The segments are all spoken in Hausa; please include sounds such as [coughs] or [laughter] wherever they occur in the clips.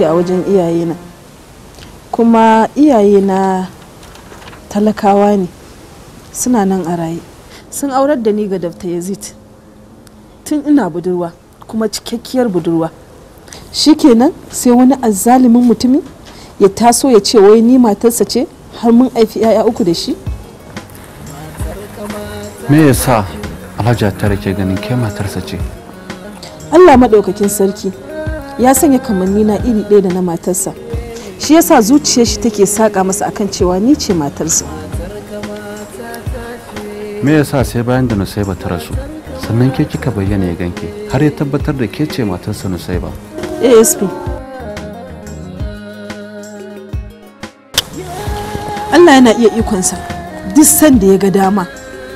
tashi a wajen iyayena kuma iyayena talakawa ne suna nan a raye sun aurar da ni ga dafta yazid tun ina budurwa kuma cikakkiyar budurwa shikenan sai wani azalimin mutumi ya taso ya ce wai ni matarsa ce har mun aifi 'ya'ya uku da shi me ya sa alhaji ta rake ganin ke matarsa ce allah maɗaukakin sarki ya sanya kamanni na iri ɗaya da na matarsa shi yasa zuciyar shi take saƙa masa akan cewa ni ce matarsa me yasa sai bayan da nusaiba ta rasu sannan ke kika bayyana ya ganke har ya tabbatar da ke ce matarsa nusaiba asp allah yana iya ikonsa duk sanda ya ga dama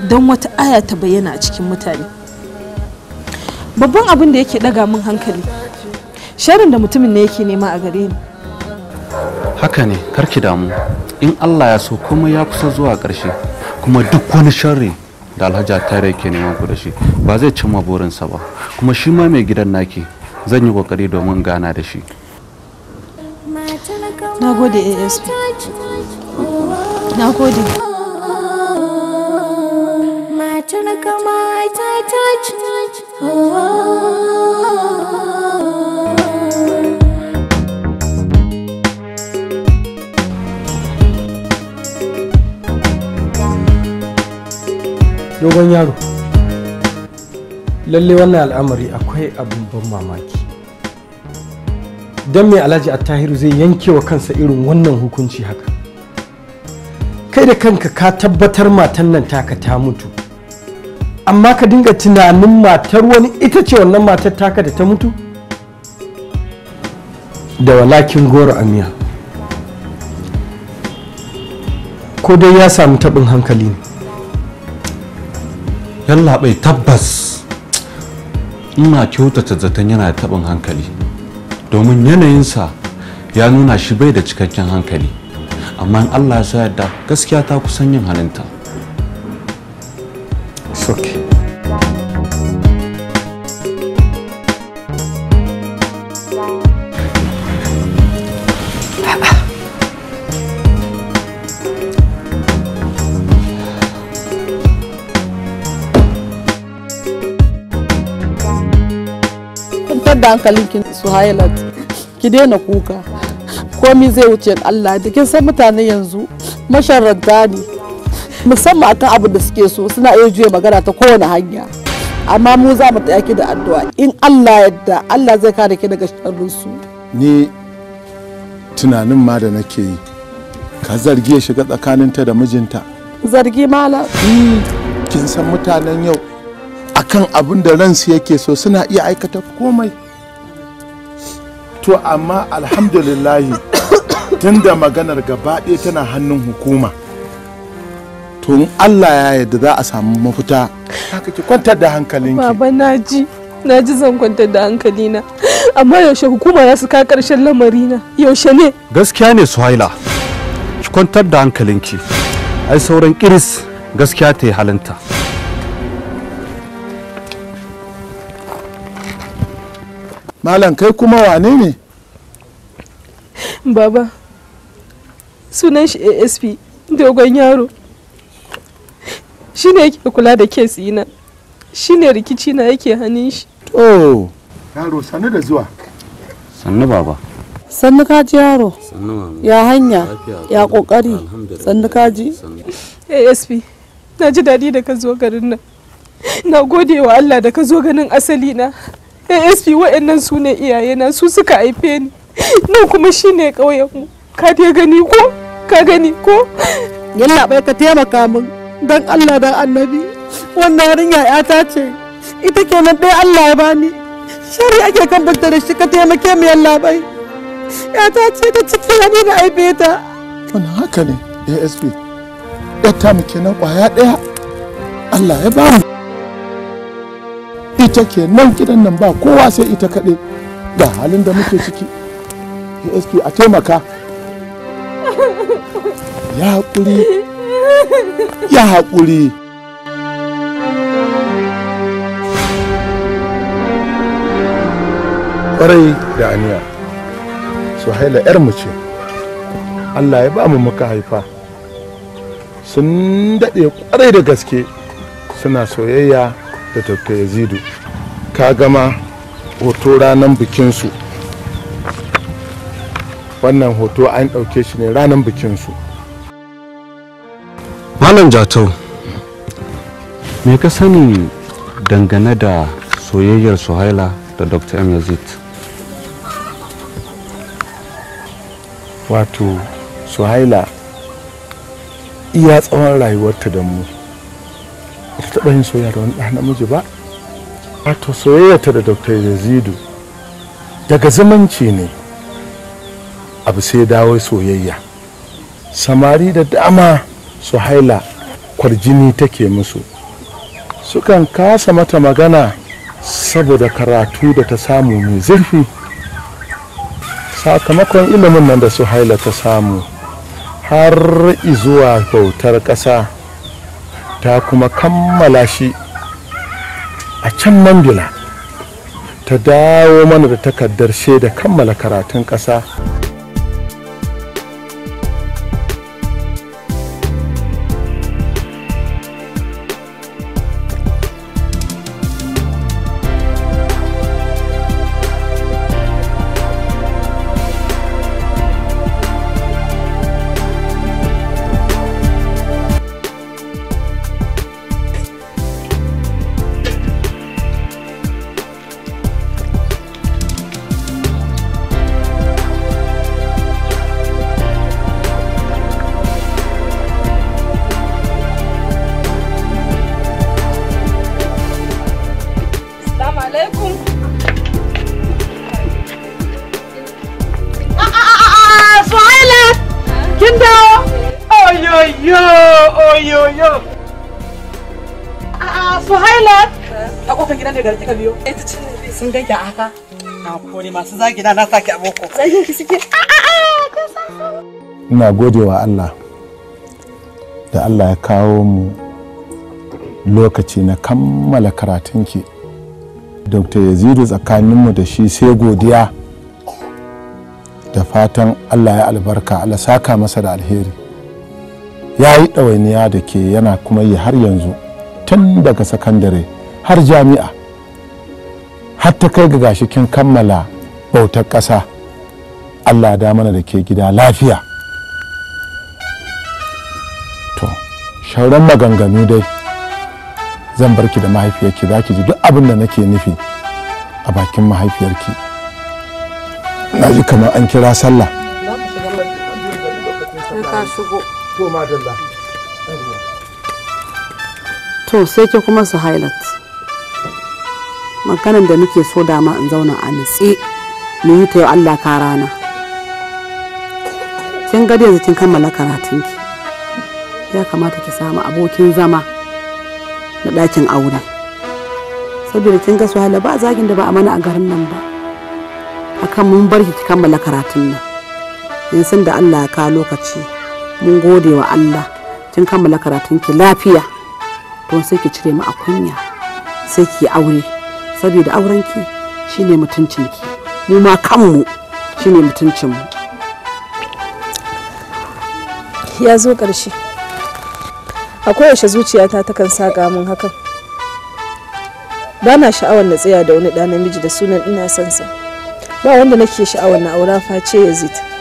don wata aya ta bayyana a cikin mutane babban abin da yake daga min hankali sharin da mutumin ne yake nema a gare ni haka ne karki damu in Allah ya so komai ya kusa zuwa ƙarshe kuma duk wani sharri da alhaji tare yake neman ku da shi ba zai cimma burinsa ba kuma shi ma mai gidan naki zan yi kokari domin gana da shi na gode asp na gode oh, oh, oh, oh. dogon yaro lalle wannan al'amari akwai abin ban mamaki don me alhaji attahiru zai yanke wa kansa irin wannan hukunci haka kai da kanka ka tabbatar matan nan taka ta mutu amma ka dinga tunanin matar wani ita ce wannan matar taka da ta mutu da walakin goro amiya ko dai ya samu taɓin hankali ne yallaɓai tabbas ina kyautata zaton yana da taɓin hankali domin yanayinsa ya nuna shi bai da cikakken hankali amma in allah ya sa yadda gaskiya ta kusan yin halinta hankalinki suhailat ki daina kuka komi zai wuce Allah da kin san mutane yanzu masharanta ne musamman akan abu da suke so suna iya juya magana ta kowane hanya amma mu za mu ki da addu'a in Allah yadda Allah zai kare ki daga sharrin su ni tunanin ma da nake yi ka zargi ya shiga tsakaninta da mijinta zargi mala hmm, kin san mutanen yau akan abin da ransu yake so suna iya aikata komai to amma alhamdulillahi [coughs] tunda maganar gaba ɗaya tana hannun hukuma to in allah ya yarda za a samu mafita haka ki kwantar da hankalinki baba naji naji zan kwantar da hankalina amma yaushe hukuma za su ka karshen lamarina yaushe ne gaskiya ne suhaila ki kwantar da hankalinki ai sauran iris, gaskiya ta yi halinta malam kai kuma wane ne baba sunan shi asp dogon yaro shi ne yake kula da kes na shi ne rikici na yake hannun shi to yaro sannu da zuwa sannu baba sannu kaji yaro ya hanya ya kokari sannu kaji asp na ji daɗi da ka zo garin nan na gode wa allah da ka zo ganin asali na asp waɗannan su ne iyayena su suka haife ni nan kuma shine ƙauyenmu ka dai gani ko ka gani ko yalla bai ka taimaka min dan allah da annabi wannan ya ta ce ita kenan ɗaya allah ya bani shari ake kan bakta da shi ka taimake mu yalla bai yata ce ta ciki ne da haife ta wannan haka ne asp yata mu kenan kwaya ɗaya allah ya bamu ita ke nan gidan nan ba kowa sai ita kaɗai ga halin da muke ciki aski a taimaka ya haƙuri ya haƙuri ƙwarai da aniya suhaila 'yar mu ce allah ya ba mu muka haifa sun daɗe ƙwarai da gaske suna soyayya da dr yazidu ka gama hoto ranar bikinsu wannan hoto an ɗauke shi ne ranar bikinsu malam jatau me ka sani dangane da soyayyar suhaila da dr m yazid wato suhaila iya tsawon rayuwarta da mu ta taɓa yin soyayya da wani ɗa namiji ba wato soyayya ta da dr yazidu daga zumunci ne abu sai dawo soyayya samari da dama su haila kwarjini take musu sukan kasa mata magana saboda karatu da ta samu mai zurfi sakamakon ilimin nan da su haila ta samu har izuwa bautar ƙasa ta kuma kammala shi a can mambila ta dawo mana da takardar shaida kammala karatun ƙasa ina a'a wa ina godewa Allah da Allah ya kawo mu lokaci na kammala karatunki dr yazidu tsakaninmu da shi sai godiya da fatan allah ya albarka allah saka masa da alheri ya yi ɗawainiya da ke yana kuma yi har yanzu tun daga sakandare har jami'a har ta kai ga gashi kin kammala bautar ƙasa allah da mana da ke gida lafiya to shauran maganganu dai zan bar ki da mahaifiyarki za ki ji duk abin da nake nufi a bakin mahaifiyarki na ji kamar an kira sallah to madalla sai ke kuma su highlight maganan da nake so dama in zauna a nutse mu yi ta yau Allah ka rana kin ga yanzu kin kammala karatun ki ya kamata ki samu abokin zama na ɗakin aure saboda kin ga su ba zagin da ba a mana a garin nan ba akan mun barki ki kammala karatun nan san da Allah ya ka lokaci mun gode wa Allah kin kammala karatun ki lafiya to sai ki cire mu a kunya sai ki aure saboda auren ki shine mutuncin ki mu ma kanmu shine mutuncin mu ya zo ƙarshe a koyaushe zuciyata takan saƙa min hakan ba na sha'awar na tsaya da wani ɗa namiji da sunan ina son ba wanda nake sha'awar na aura face yazid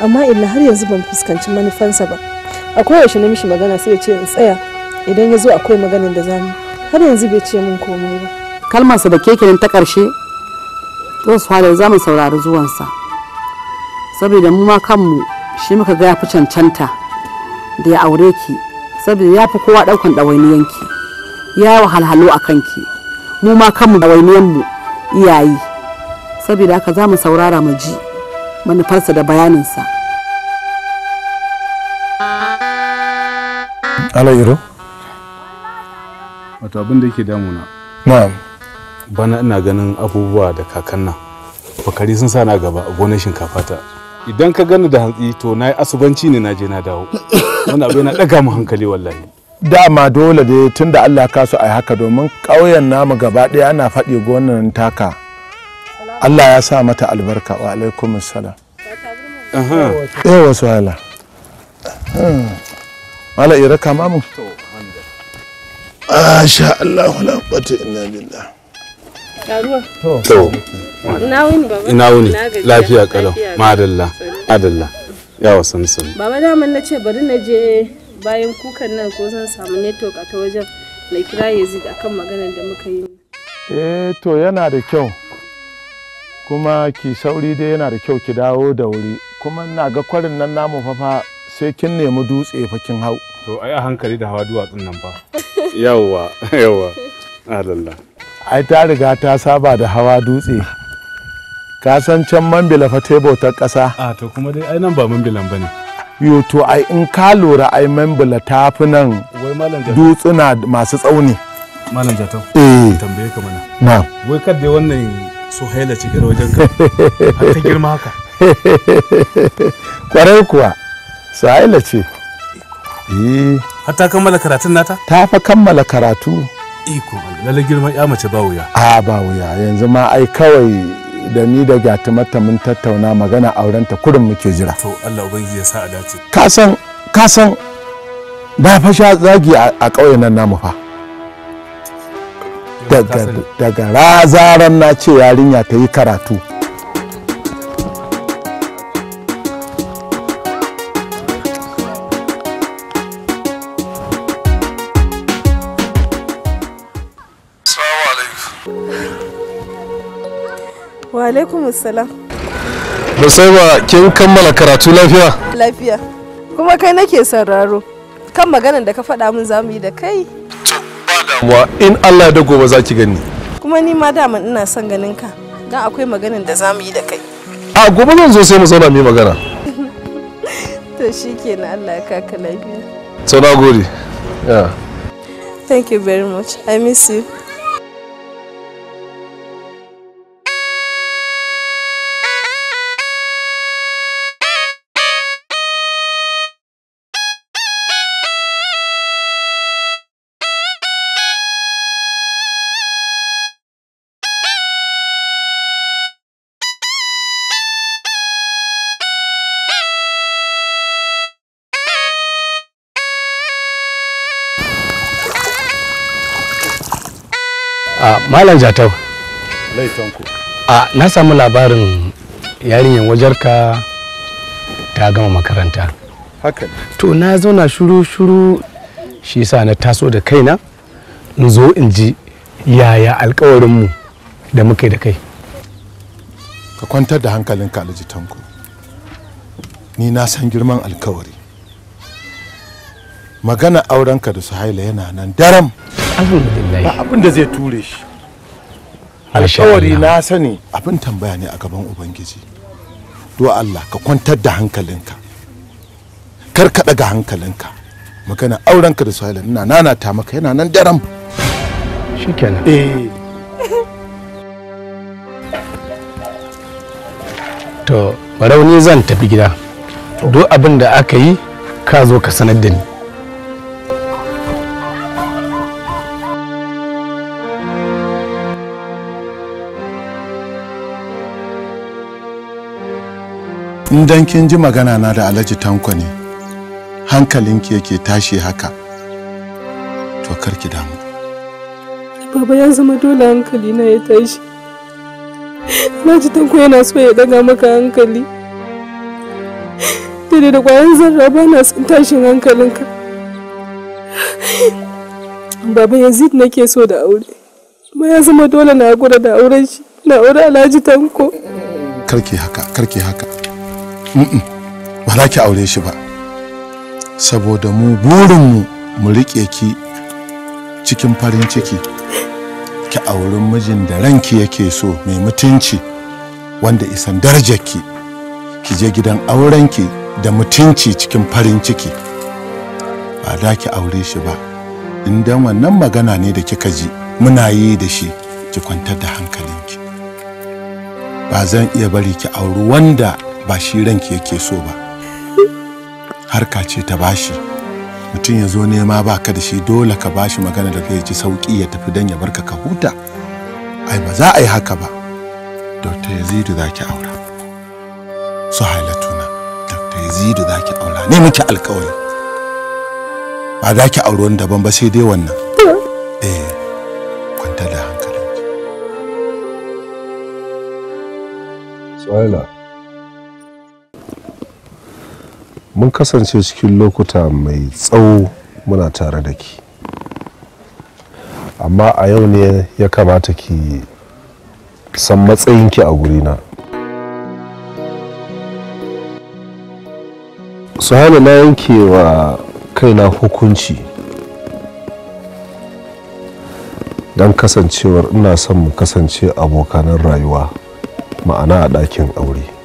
amma illa har yanzu ban fuskanci manufansa ba a koyaushe na mishi magana sai ya ce in tsaya idan ya zo akwai maganin da zamu har yanzu bai ce min komai ba kalmarsa da kekenin ta karshe zan su halin zamu saurari zuwansa saboda mu ma kanmu shi muka ga ya fi cancanta da ya aure ki saboda ya fi kowa ɗaukan ɗawainiyanki ya yi wahalhalu a kanki mu ma kanmu ɗawainiyanmu iyayi saboda haka za mu saurara mu ji manufarsa da bayaninsa ala iro? wato abin da yake damuna na'am bana ina ganin abubuwa da kakanna bakari sun sa na gaba a gonar shinkafa ta idan ka gani da hantsi to na yi asubanci ne na je na dawo wani abu yana ɗaga mu hankali wallahi dama dole dai tunda Allah ya kasu a haka domin ƙauyen namu gaba ɗaya ana faɗi gonar taka Allah ya sa mata albarka wa alaikum salam yawa eh, wasu hala mala ira kama mu Asha Allah hula quwwata ina billah to ina wuni baba ina wuni lafiya kalau madalla adalla yawa baba daman na ce bari na je bayan kukan nan ko zan samu network a ta wajen na kira yazid akan maganar da muka yi eh to yana da kyau kuma ki sauri dai yana da kyau ki dawo da wuri kuma na ga kwarin nan namu fafa sai kin nemi dutse fa kin hau to ai a hankali da hawa duwatsun nan fa [laughs] yawwa yawwa alalla ai ta riga ta saba da hawa dutse ka san can mambila fa tebo ta kasa a to kuma dai ai nan ba mambilan bane yo to ai in ka lura ai mambila ta fi nan dutsuna masu tsauni malam jatau eh tambaye ka mana na wai kadai wannan suhaila cikin wajen ka har ta girma haka [laughs] kwarai kuwa suhaila ce hatta eh. har ta kammala karatun nata ta fa kammala karatu iko lalle girman ya mace ba wuya a ba wuya yanzu ma ai kawai da ni da gatumata mun tattauna magana aurenta kurin muke jira to Allah ubangiji ya sa a dace ka san ka san fa sha zagi a ƙauyen nan namu fa daga razaran na ce yarinya ta yi karatu wa alaikum assalam ba kin kammala karatu lafiya lafiya kuma kai nake sauraro kan maganar da ka faɗa min zamu yi da kai in Allah da gobe ba za ki gani kuma ni ma dama ina son ganin ka dan akwai maganin da za mu yi da kai a gobe zan zo sai mu zauna mu magana [laughs] to shikenan Allah ya kaka lafiya so na gode yeah thank you very much i miss you malam jatau laifanku a na samu labarin yarinyar wajarka ta gama makaranta haka to na zauna shuru shuru shi sa na taso da kaina in zo in ji yaya alkawarinmu da muke da kai ka kwantar da hankalinka alhaji tanko ni na san girman alkawari magana aurenka da suhaila yana nan daram ba abin da zai ture shi alkawari na sani abin tambaya ne a gaban ubangiji do Allah ka kwantar da hankalinka kar ka daga hankalinka magana aurenka da Suhaila ina ta maka yana nan daram shikenan eh to barauni zan tafi gida duk abin da aka yi ka zo ka sanar da ni in dan kin ji magana na da alhaji tanko ne hankalinki yake tashi haka to karki damu baba ya zama dole hankali na ya tashi alhaji tanko yana so ya daga maka hankali daidai da kwayan zarra ba na son tashin hankalinka baba yazid nake so da aure kuma ya zama dole na gura da auren shi na aure alhaji tanko karki haka karki haka ba za ki aure shi ba saboda mu burinmu mu riƙe ki cikin farin ciki ki auren mijin da ranki yake so mai mutunci wanda isan darajarki ki je gidan aurenki da mutunci cikin farin ciki ba da ki aure shi ba indan wannan magana ne da kika ji muna yi da shi ki kwantar da hankalinki ba zan iya bari ki auri wanda ba shi ranki yake so ba harka ce ta bashi mutum ya zo nema baka da shi dole ka bashi magana da zai ji sauki ya tafi dan ya barka ka huta ai ba za a yi haka ba dr yazidu za ki aura su halatuna dr yazidu za ki aura ne muke alkawari ba za ki auri wani daban ba sai dai wannan eh kwanta da hankali Suhaila. mun kasance cikin lokuta mai tsawo muna tare da ki amma a yau ne ya kamata ki san matsayinki a gurina su hana na yanke wa kaina hukunci don kasancewar ina son mu kasance abokanan rayuwa ma'ana a ɗakin aure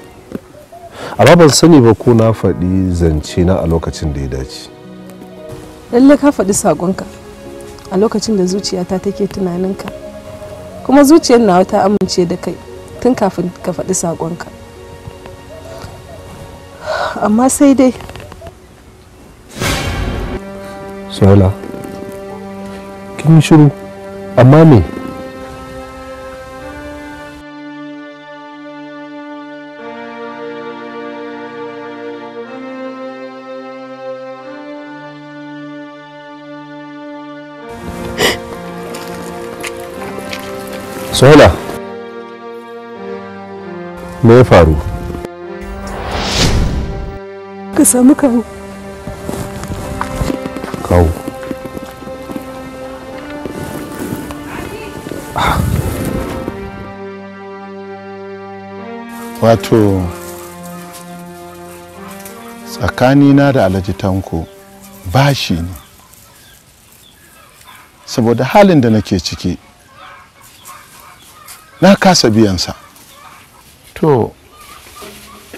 amma ban sani ba ko na faɗi zance na a lokacin da ya dace lallai ka faɗi saƙonka a lokacin da zuciyata take tunaninka kuma zuciyar nawa ta amince da kai tun kafin ka faɗi saƙonka amma sai dai sola kin shiru amma me sola me ya faru ka samu kawo kawo wato tsakanina da alhaji tanko bashi ne saboda halin da nake ciki na kasa biyansa to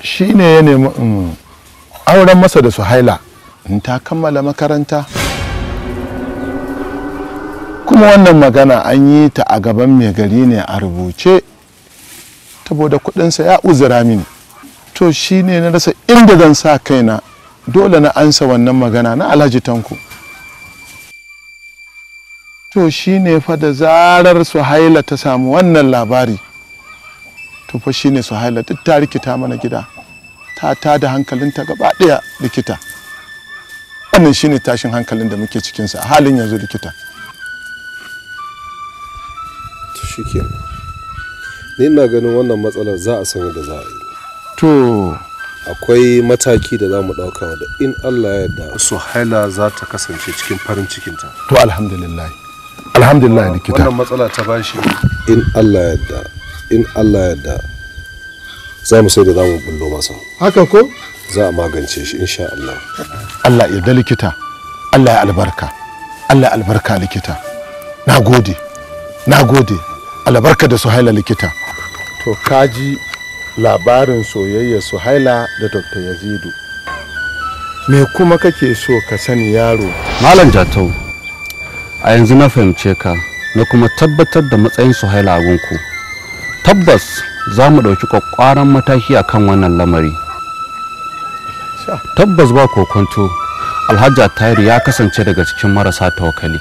shi ne ya nemi in mm, auren masa da suhaila in ta kammala makaranta kuma wannan magana an yi ta a gaban mai gari ne a rubuce saboda kudinsa ya uzura mini to shine na rasa inda zan sa kaina dole na ansa wannan magana na alhaji tanko to shi ne fa da zarar haila ta samu wannan labari to fa shi su suhaila duk ta rikita mana gida ta ta da hankalinta gaba ɗaya likita wannan ne tashin hankalin da muke cikinsa a halin yanzu likita ni ina ganin wannan matsalar za a sanya da za a yi to akwai mataki da za mu dauka da in allah ya yarda haila za ta kasance cikin farin cikinta to alhamdulillah alhamdulillah likita wannan matsala ta bashi in Allah yadda in Allah yadda za mu sai da za mu bullo masa haka ko za a magance shi insha Allah Allah ya da likita Allah ya albarka Allah ya albarka likita na gode na gode albarka da suhaila likita to kaji labarin soyayya suhaila da dr yazidu me kuma kake so ka sani yaro malam jatau a yanzu na fahimce ka na kuma tabbatar da matsayin su haila gunku tabbas za mu ɗauki ƙwaƙƙwaran mataki a kan wannan lamari tabbas ba kokonto alhaji tayir ya kasance daga cikin marasa tawakali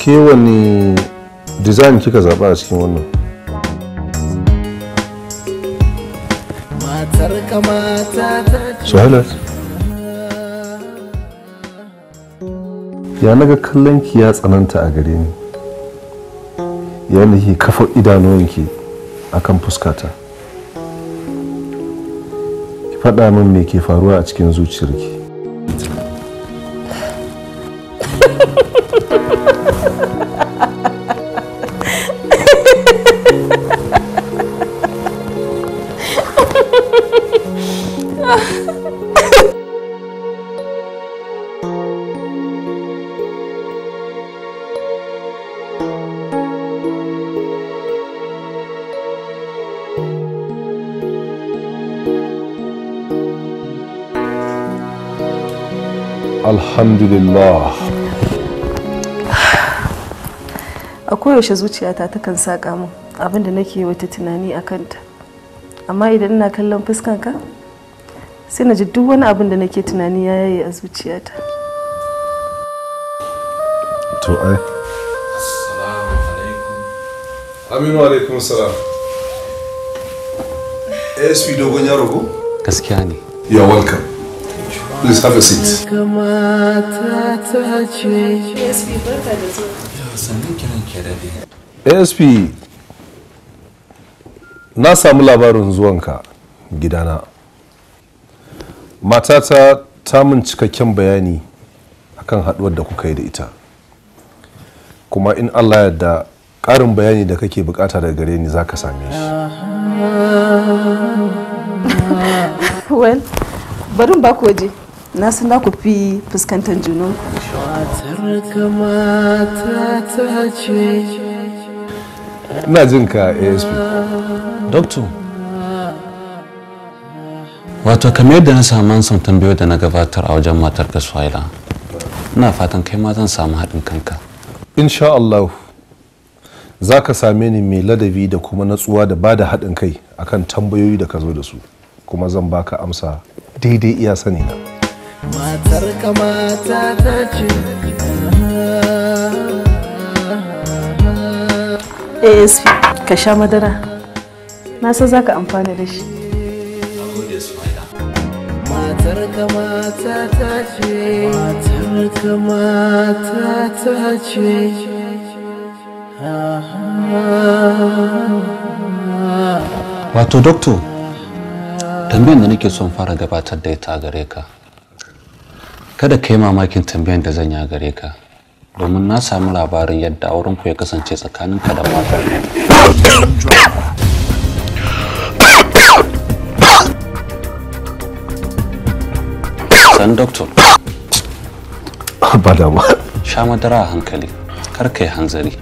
ke wani design kika zaɓa a cikin wannan Suhaila. Ya naga kallon ki ya tsananta a gare ni. Ya nake kafa idanuwanki akan fuskata. Ki faɗa min me ke faruwa a cikin zuciyarki. [laughs] alhamdulillah a koyaushe zuciyata takan saƙa min abin da nake wata tunani a kanta amma idan ina kallon fuskanka sai na ji duk wani abin da nake tunani ya yayi a zuciyata to ai aminu alaikum salam asp eh, dogon yaro ko gaskiya ne you're welcome Please have a seat. ASP, na samu labarin zuwanka gidana. Matata ta min cikakken bayani akan haduwar da kuka yi da ita. Kuma in Allah yadda ƙarin bayani da kake bukata daga gare ni za ka same shi. well, barin ba na san da ku fi fuskantar junan ku ina jin ka asp doctor wato kamar yadda na samu san tambayo da na gabatar a wajen matar ka suhaila ina fatan kai ma zan samu haɗin kanka insha Allah za ka same ni mai ladabi da kuma natsuwa da ba da haɗin kai akan tambayoyi da ka zo da su kuma zan baka amsa daidai iya sani na. matar kamata ta ce asp ka sha madara na san za ka amfana da shi matar kamata ta ce matar kamata ta ce wato doktor tambayin da nake son fara gabatar da ita a gare ka kada ka yi mamakin tambayan da zan yi gare ka domin na samu labarin yadda auren ku ya kasance tsakanin ka da matar san doctor ba damuwa sha madara a hankali kar ka yi hanzari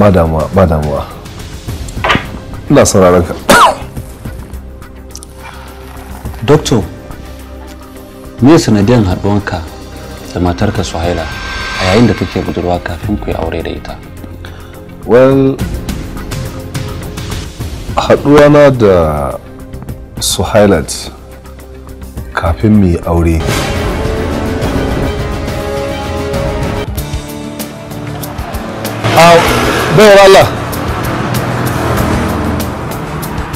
ba damuwa ba damuwa ina sauraron ka doctor me sanadiyan haɗuwanka da matarka suhaila a yayin da kake budurwa kafin ku yi aure da ita well haɗuwa na da suhailat kafin mu yi aure a ah, Allah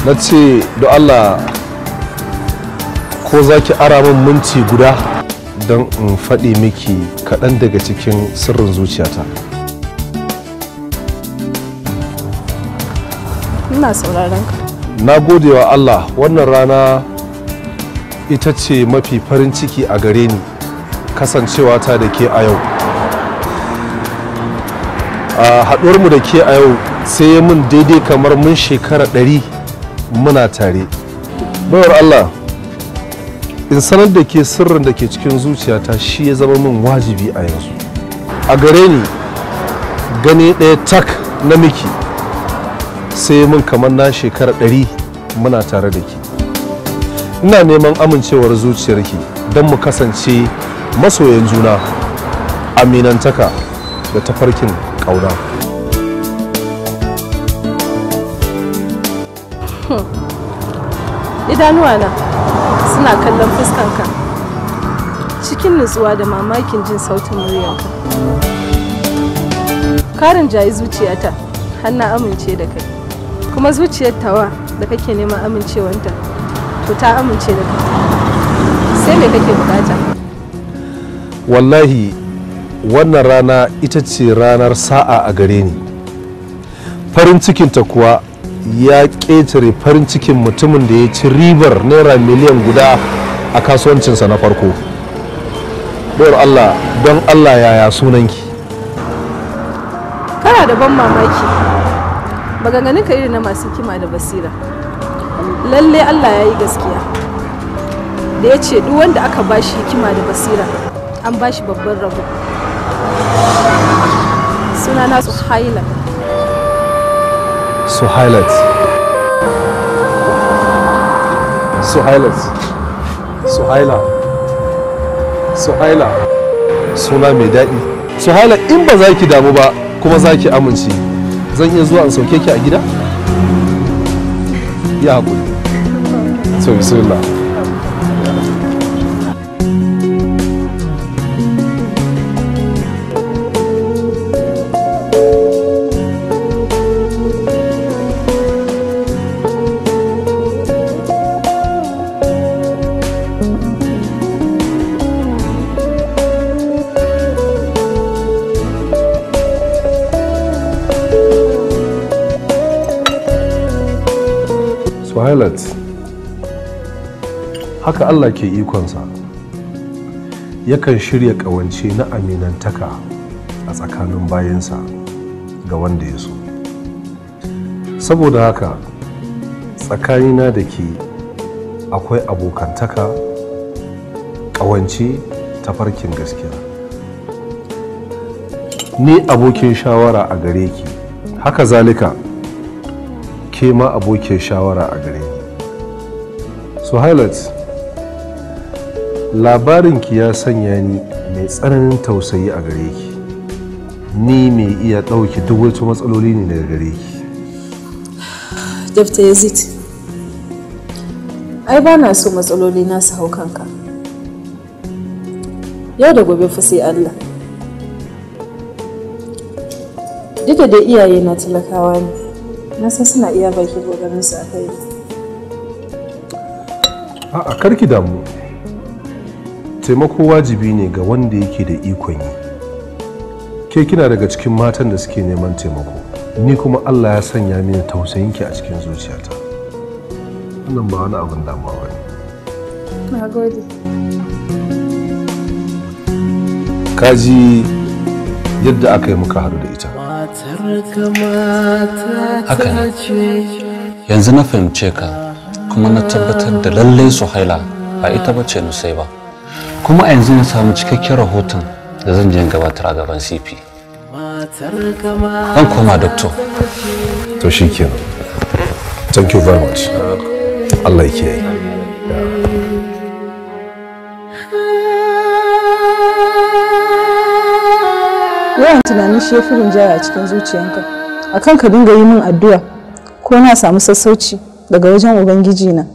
na ce da Allah ko za ki ara min minti guda don in faɗi miki kaɗan daga cikin sirrin zuciyata ina sauraron ka na gode wa allah wannan rana ita ce mafi farin ciki a gare ni kasancewa ta da ke a yau a haɗuwarmu da ke a yau sai ya mun daidai kamar mun shekara ɗari muna tare baiwar allah in sanar da ke sirrin da ke cikin zuciyata shi ya zama min wajibi a yanzu a gare ni gani ɗaya tak na miki sai mun kamar na shekara ɗari muna tare da ke. ina neman amincewar zuciyar zuciyarki don mu kasance masoyan juna aminantaka da tafarkin ƙauna idanuwa na suna kallon fuskanka cikin nutsuwa da mamakin jin sautin muryanka karin jayi zuciyata har amince da kai kuma zuciyar tawa da kake neman amincewanta to ta amince da kai sai me kake bukata wallahi wannan rana ita ce ranar sa'a a gare ni farin cikinta kuwa ya ƙetare farin cikin mutumin da ya ci ribar naira miliyan guda a kasuwancinsa na farko bayar allah don allah yaya sunanki kana da ban mamaki maganganun ka irin na masu kima da basira lalle allah ya yi gaskiya da ya ce duk wanda aka bashi kima da basira an bashi babban rabo sunana su haila So highlights. So highlights. So haila So haila suna mai daɗi So haila in ba za ki damu ba kuma za ki amince zan iya zuwa in sauke ki a gida ya haƙuri So bismillah haka allah ke ikonsa yakan shirya ƙawance na aminantaka a tsakanin bayansa ga wanda ya so saboda haka tsakanina da ke akwai abokantaka ƙawance ta farkin gaskiya ni abokin shawara a gare ki haka zalika ke ma abokin shawara a gare ki so highlights labarinki ya sanya ni mai tsananin tausayi a gare ki ni mai iya ɗauki duk wasu matsaloli ne daga gare ki dafta yazid ai ba na so matsaloli na su hau kanka yau da gobe fa sai allah duk da iyaye na talakawa ne na san suna iya baki kokarin su a kai a karki damu taimako wajibi ne ga wanda yake da ikon yi ke kina daga cikin matan da suke neman taimako ni kuma allah ya sanya mini tausayin ki a cikin zuciyata wannan ba wani abin damuwa ba ne kaji yadda aka yi muka haɗu da ita haka ne yanzu na fahimce ka kuma na tabbatar da lallai su haila ba ita bace nusai ba kuma a yanzu na samu cikakken rahoton da zan je gabatar a gaban cp an koma doctor to shi thank you very much allah ya kiyaye yawan tunanin shefurin jaya a cikin zuciyanka akan ka dinga yi min addu'a ko na samu sassauci daga wajen ubangiji na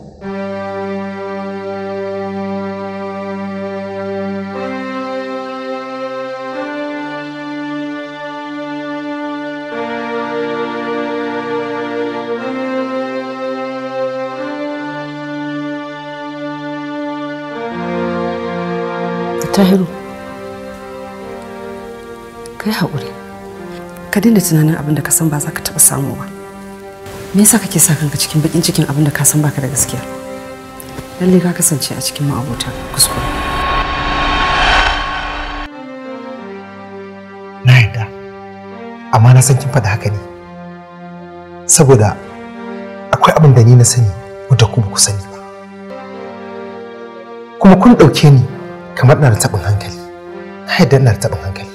tahiru kai haƙuri ka dinda tunanin abin da ka san ba za ka taɓa samu ba me yasa kake sa kanka cikin bakin cikin abin da ka san baka da gaskiya lalle ka kasance a cikin ma'abota kuskure na yadda amma na san kin faɗa haka ne saboda akwai abin da ni na sani wadda ku ba ku sani ba kuma kun ɗauke ni kamar na da taɓin hankali na yadda na da taɓin hankali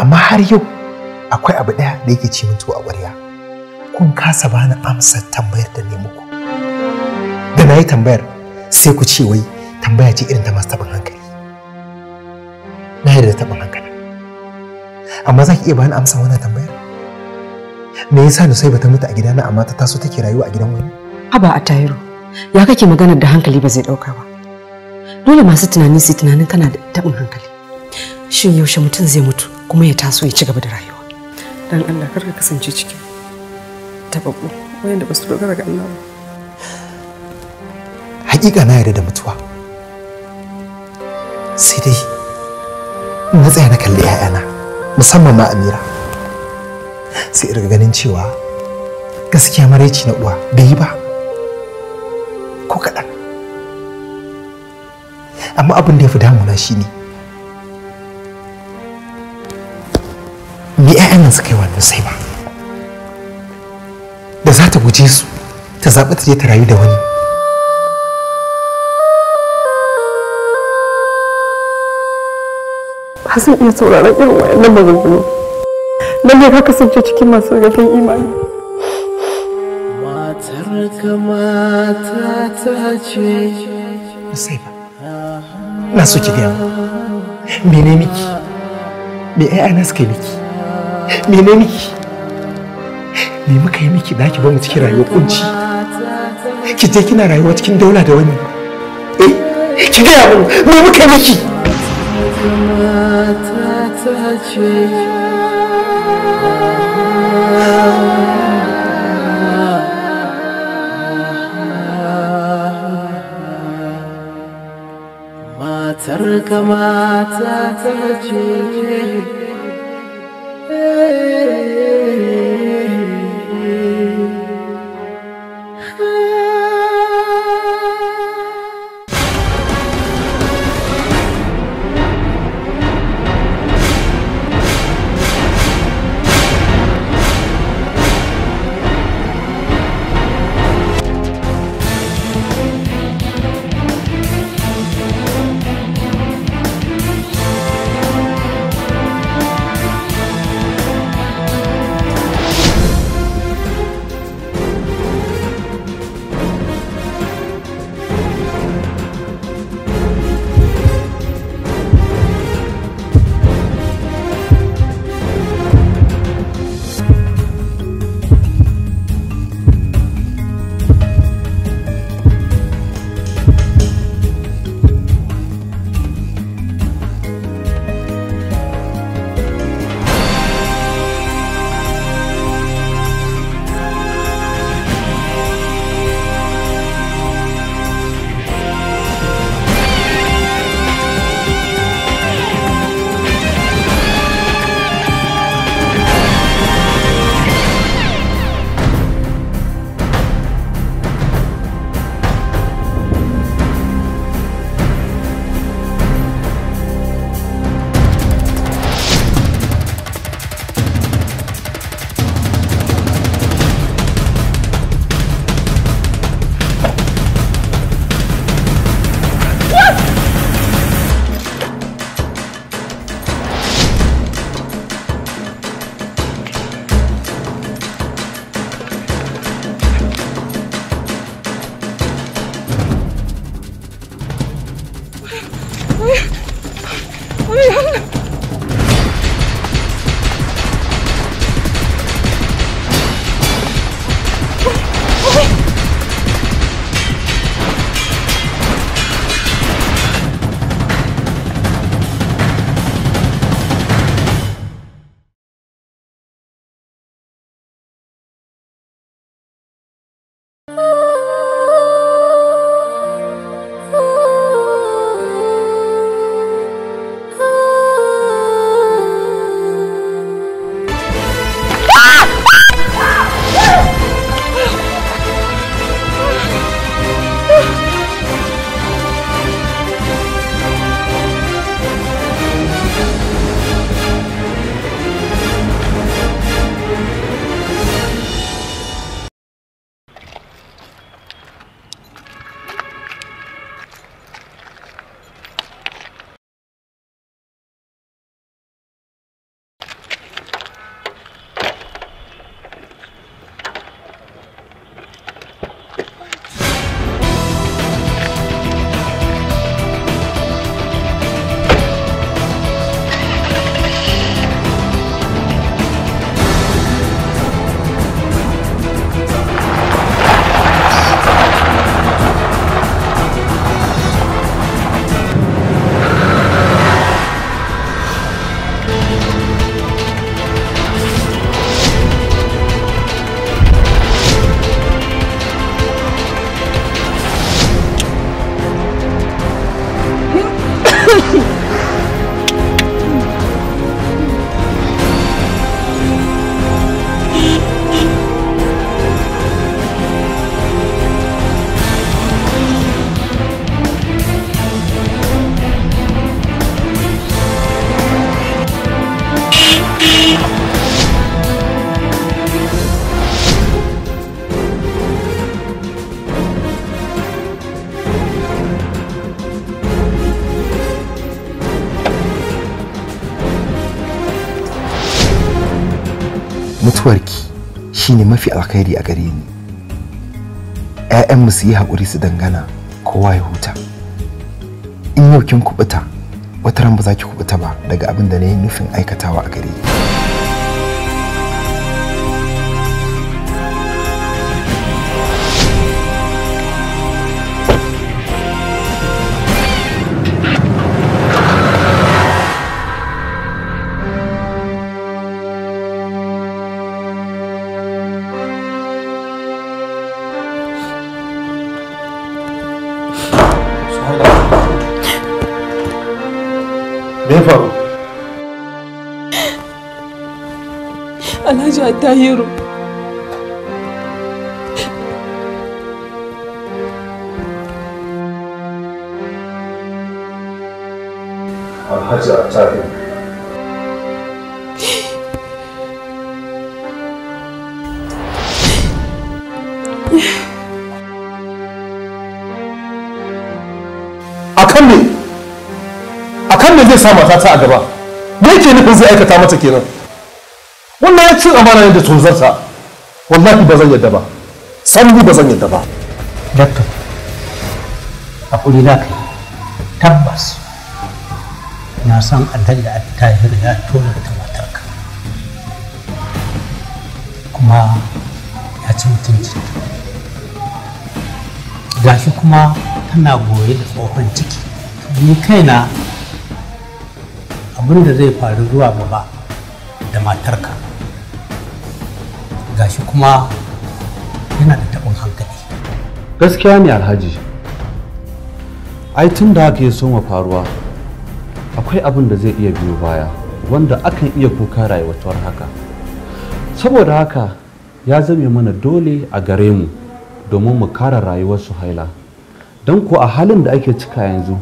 amma har yau akwai abu ɗaya da yake ci mutu a ƙwarya kun kasa bani amsa tambayar da ne muku da na yi tambayar sai ku ce wai tambaya ce irin ta masu taɓin hankali na yadda da taɓin hankali amma za ki iya bani amsa wannan tambayar me yasa da sai bata mutu a gidana amma ta taso take rayuwa a gidan wani haba a tayiru ya kake maganar da hankali ba zai ɗauka ba dole masu tunani su tunanin kana da taɓin hankali shin yaushe mutum zai mutu kuma ya taso ya ci gaba da rayuwa dan Allah kar ka kasance cikin tababbu wayanda ba su dogara ga Allah ba hakika na yarda da mutuwa sai dai na tsaya na kalli 'ya'yana musamman ma Amira sai irga ganin cewa gaskiya maraici na uwa bai yi ba ko kaɗan amma abin da ya fi damuna shi ne me 'ya'yan nan suka yi wannan sai ba da za ta guje su ta zaɓi ta je ta rayu da wani ba zan iya sauraron irin wayannan maganganu don bai ka kasance cikin masu rafin imani matar ka ta ce sai ba na so ki gaya mu mene miki me ai ana suka miki mene miki me muka yi miki da ki ba mu cikin rayuwar kunci ki je kina rayuwa cikin daula da wani eh ki gaya mu me muka yi miki ta ce Sarkamata ta ce shine mafi alkhairi a gare ni ‘ya'yanmu su yi hakuri su dangana kowa ya huta in yau kin kubuta wata ran ba za ki kubuta ba daga abin da na yi nufin aikatawa a gare ni ya tahiru alhaji a tahiru a kan me a zai sa matata a gaba me yake nufin zai aikata mata kenan wannan ya ci amana da tozarsa wallahi ba zan yadda ba san ba zan yadda ba doctor a kuri na kai tabbas na san adal da tahir ya tona ta matarka kuma ya ci mutunci gashi kuma tana goye da tsohon ciki ni kaina abin da zai faru zuwa gaba da matarka gashi kuma yana da taɓin hankali gaskiya ne alhaji ai tun da haka ya soma faruwa akwai abin da zai iya biyo baya wanda akan iya kuka rayuwatuwar haka saboda haka ya zame mana dole a gare mu domin mu kara rayuwar haila don ko a halin da ake cika yanzu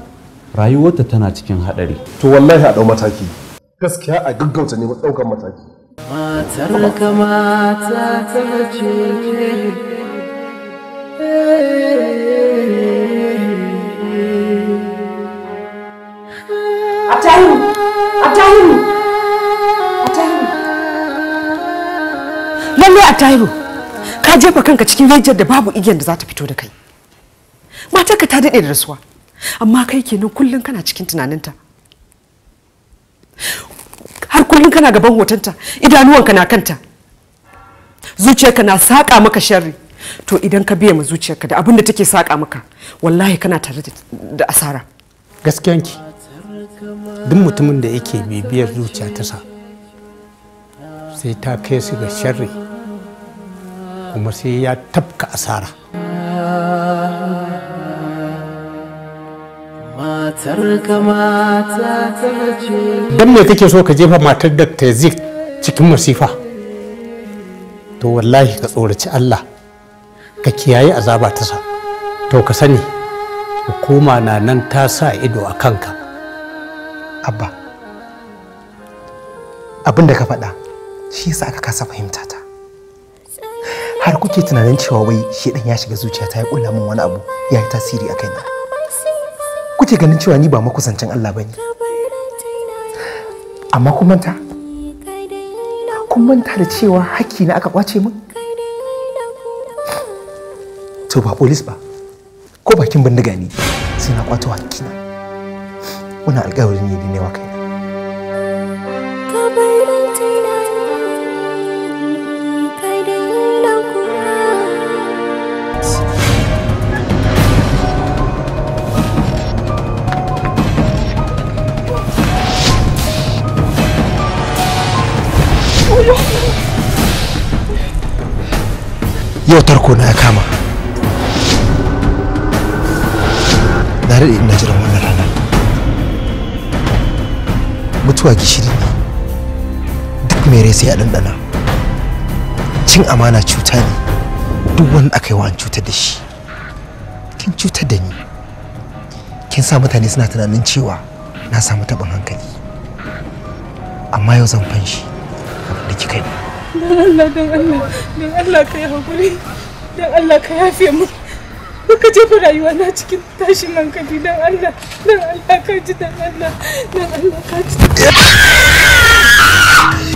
rayuwarta tana cikin haɗari to wallahi a ɗau mataki gaskiya a gaggauta neman ɗaukar mataki matar kamata ta lallai a Tayiro, ka jefa kanka cikin yajjar da babu igiyar da za ta fito da kai matarka ta daɗe da rasuwa amma kai kenan kullum kana cikin tunaninta kullum kana gaban hotonta idanuwanka na kanta zuciyarka na saƙa maka sharri to idan ka biya ma zuciyarka da abin da take saƙa maka wallahi kana tare da asara gaskiyanki duk mutumin da yake bibiyar zuciya ta sa sai ta kai su ga sharri kuma sai ya tafka asara don me take so ka jefa matar da ta cikin masifa to wallahi ka tsoraci Allah ka kiyaye azaba ta sa to ka sani hukuma na nan ta sa ido a kanka abba abin da ka faɗa shi yasa aka kasa fahimta ta har kuke tunanin cewa wai shedan ya shiga zuciya ta ya kula min wani abu ya yi tasiri a kai na? kuke ganin cewa ni ba makusancin Allah bane amma kun manta kun manta da cewa haƙƙi na aka kwace min to ba polis ba ko bakin bindiga ne sai na kwato haƙƙi na wannan alƙawarin ne ne wa kai yau tarko na ya kama na daɗe ina jiran wannan rana mutuwa gishiri ne duk mai rai sai a ɗanɗana cin amana cuta ne duk wanda aka yi wa cutar da shi kin cutar da ni kin sa mutane suna tunanin cewa na samu taɓin hankali amma yau zan fanshi da kika yi don Allah don Allah don Allah ka yi haƙuri don Allah ka yafe mu ka jefa rayuwa na cikin tashin hankali don Allah don Allah ka ji don Allah don Allah ka ji